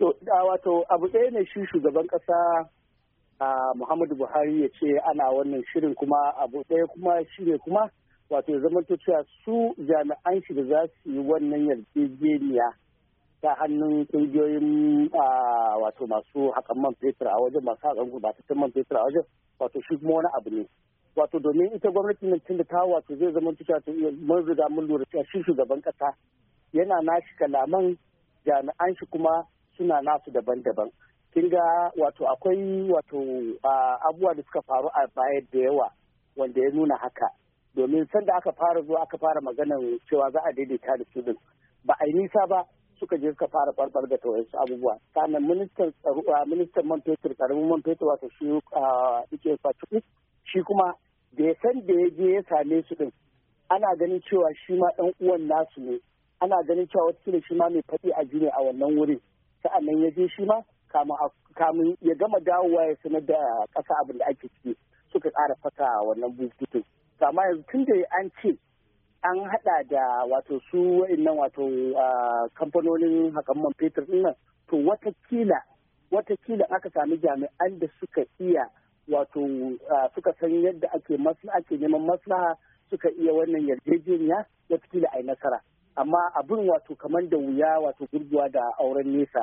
To, da wato abu ɗaya ne shi shugaban ƙasa a Muhammadu Buhari ya ce ana wannan shirin kuma abu ɗaya kuma shi ne kuma wato zaman cewa su jami'an shi da za su yi wannan yarjejeniya ta hannun ƙungiyoyin wato masu haƙan man fetur a wajen masu haƙan gurbatattun man fetur a wajen wato shi kuma wani abu ne. wato domin ita gwamnati nan tun da ta wato zai zama tuta mun riga mun lura cewa shi shugaban ƙasa yana nashi kalaman jami'an shi kuma suna nasu daban-daban kin ga wato akwai wato abubuwa da suka faru a baya da yawa wanda ya nuna haka domin sanda aka fara zuwa aka fara maganar cewa za a daidaita da su ba a yi nisa ba suka je suka fara barbar da wasu abubuwa sannan ministan tsaro ministan man fetur karamin man fetur wato shi yake fatu shi kuma da ya san da ya je ya same su din ana ganin cewa shi ma dan uwan nasu ne ana ganin cewa wata shi ma mai faɗi a jini a wannan wurin sa'an nan ya je shi ma kamun ya gama dawowa ya sanar da ƙasa abin da ake ciki suka ƙara fasa wannan bututun amma yanzu tun da an ce an haɗa da wato su wa'annan wato kamfanonin hakan man fetur nan to watakila watakila aka sami jami'an da suka iya wato suka san yadda ake ake neman maslaha suka iya wannan yarjejeniya watakila a yi nasara amma abin wato kamar da wuya wato gurguwa da auren nesa